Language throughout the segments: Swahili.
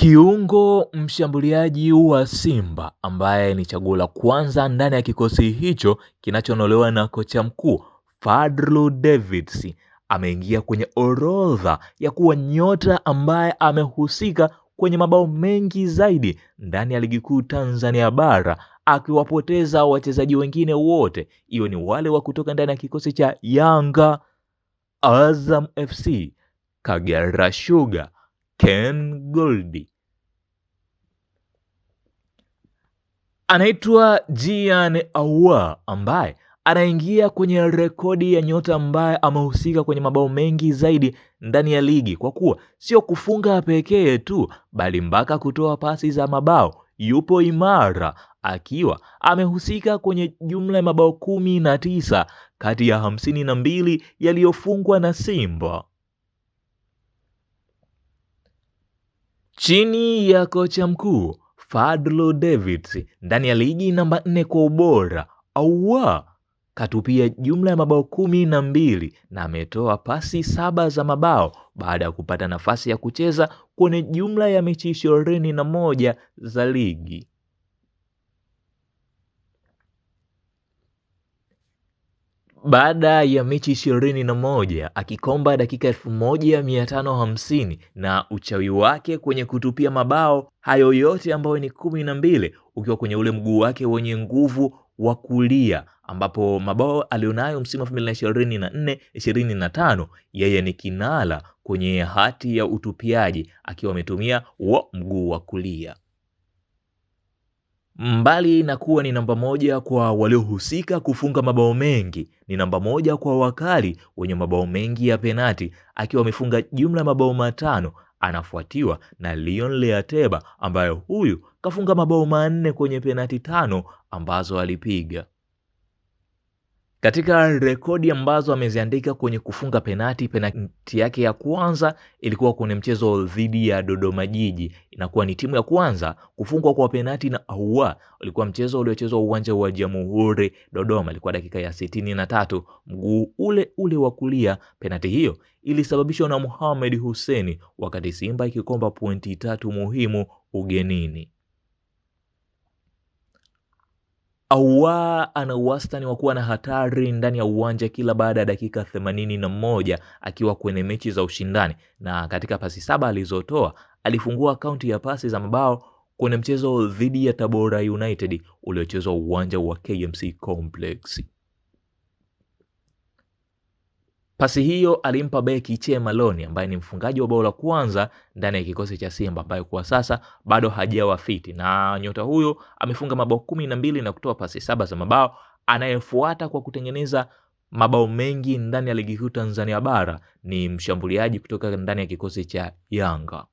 Kiungo mshambuliaji wa Simba ambaye ni chaguo la kwanza ndani ya kikosi hicho kinachonolewa na kocha mkuu Fadlu Davids ameingia kwenye orodha ya kuwa nyota ambaye amehusika kwenye mabao mengi zaidi ndani ya ligi kuu Tanzania bara akiwapoteza wachezaji wengine wote, hiyo ni wale wa kutoka ndani ya kikosi cha Yanga, Azam FC, Kagera Sugar, Ken Gold anaitwa Gian Ahoua ambaye anaingia kwenye rekodi ya nyota ambaye amehusika kwenye mabao mengi zaidi ndani ya ligi kwa kuwa sio kufunga pekee tu bali mpaka kutoa pasi za mabao yupo imara akiwa amehusika kwenye jumla ya mabao kumi na tisa kati ya hamsini na mbili yaliyofungwa na Simba. Chini ya kocha mkuu Fadlu Davids ndani ya ligi namba nne kwa ubora aua katupia jumla ya mabao kumi na mbili na ametoa pasi saba za mabao baada ya kupata nafasi ya kucheza kwenye jumla ya mechi ishirini na moja za ligi. Baada ya mechi ishirini na moja akikomba dakika elfu moja mia tano hamsini na uchawi wake kwenye kutupia mabao hayo yote ambayo ni kumi na mbili ukiwa kwenye ule mguu wake wenye nguvu wa kulia ambapo mabao alionayo msimu elfu mbili na ishirini na nne ishirini na tano yeye ni kinala kwenye hati ya utupiaji akiwa ametumia mguu wa kulia mbali na kuwa ni namba moja kwa waliohusika kufunga mabao mengi, ni namba moja kwa wakali wenye mabao mengi ya penati akiwa amefunga jumla ya mabao matano. Anafuatiwa na Leon Leateba ambayo huyu kafunga mabao manne kwenye penati tano ambazo alipiga. Katika rekodi ambazo ameziandika kwenye kufunga penati, penati yake ya kwanza ilikuwa kwenye mchezo dhidi ya Dodoma Jiji, inakuwa ni timu ya kwanza kufungwa kwa penati na Ahoua. Ulikuwa mchezo uliochezwa uwanja wa Jamhuri Dodoma, ilikuwa dakika ya sitini na tatu, mguu ule ule wa kulia. Penati hiyo ilisababishwa na Mohamed Hussein, wakati Simba ikikomba pointi tatu muhimu ugenini. Awa ana wastani wa kuwa na hatari ndani ya uwanja kila baada ya dakika 81 akiwa kwenye mechi za ushindani, na katika pasi saba alizotoa alifungua akaunti ya pasi za mabao kwenye mchezo dhidi ya Tabora United uliochezwa uwanja wa KMC Complex. Pasi hiyo alimpa beki Che Malone ambaye ni mfungaji wa bao la kwanza ndani ya kikosi cha Simba ambaye kwa sasa bado hajawa fiti, na nyota huyo amefunga mabao kumi na mbili na kutoa pasi saba za mabao, anayefuata kwa kutengeneza mabao mengi ndani ya ligi kuu Tanzania bara ni mshambuliaji kutoka ndani ya kikosi cha Yanga.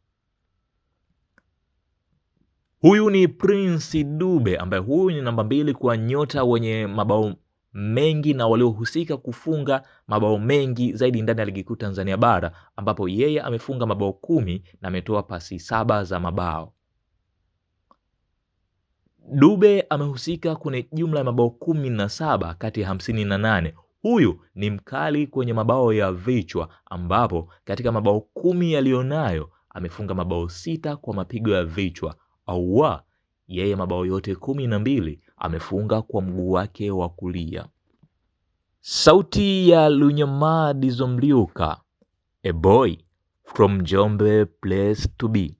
Huyu ni Prince Dube ambaye huyu ni namba mbili kwa nyota wenye mabao mengi na waliohusika kufunga mabao mengi zaidi ndani ya ligi kuu Tanzania bara ambapo yeye amefunga mabao kumi na ametoa pasi saba za mabao. Dube amehusika kwenye jumla ya mabao kumi na saba kati ya hamsini na nane. Huyu ni mkali kwenye mabao ya vichwa ambapo katika mabao kumi yaliyonayo amefunga mabao sita kwa mapigo ya vichwa. aua yeye mabao yote kumi na mbili amefunga kwa mguu wake wa kulia. Sauti ya Lunyamadi zomliuka, a boy from Njombe place to be.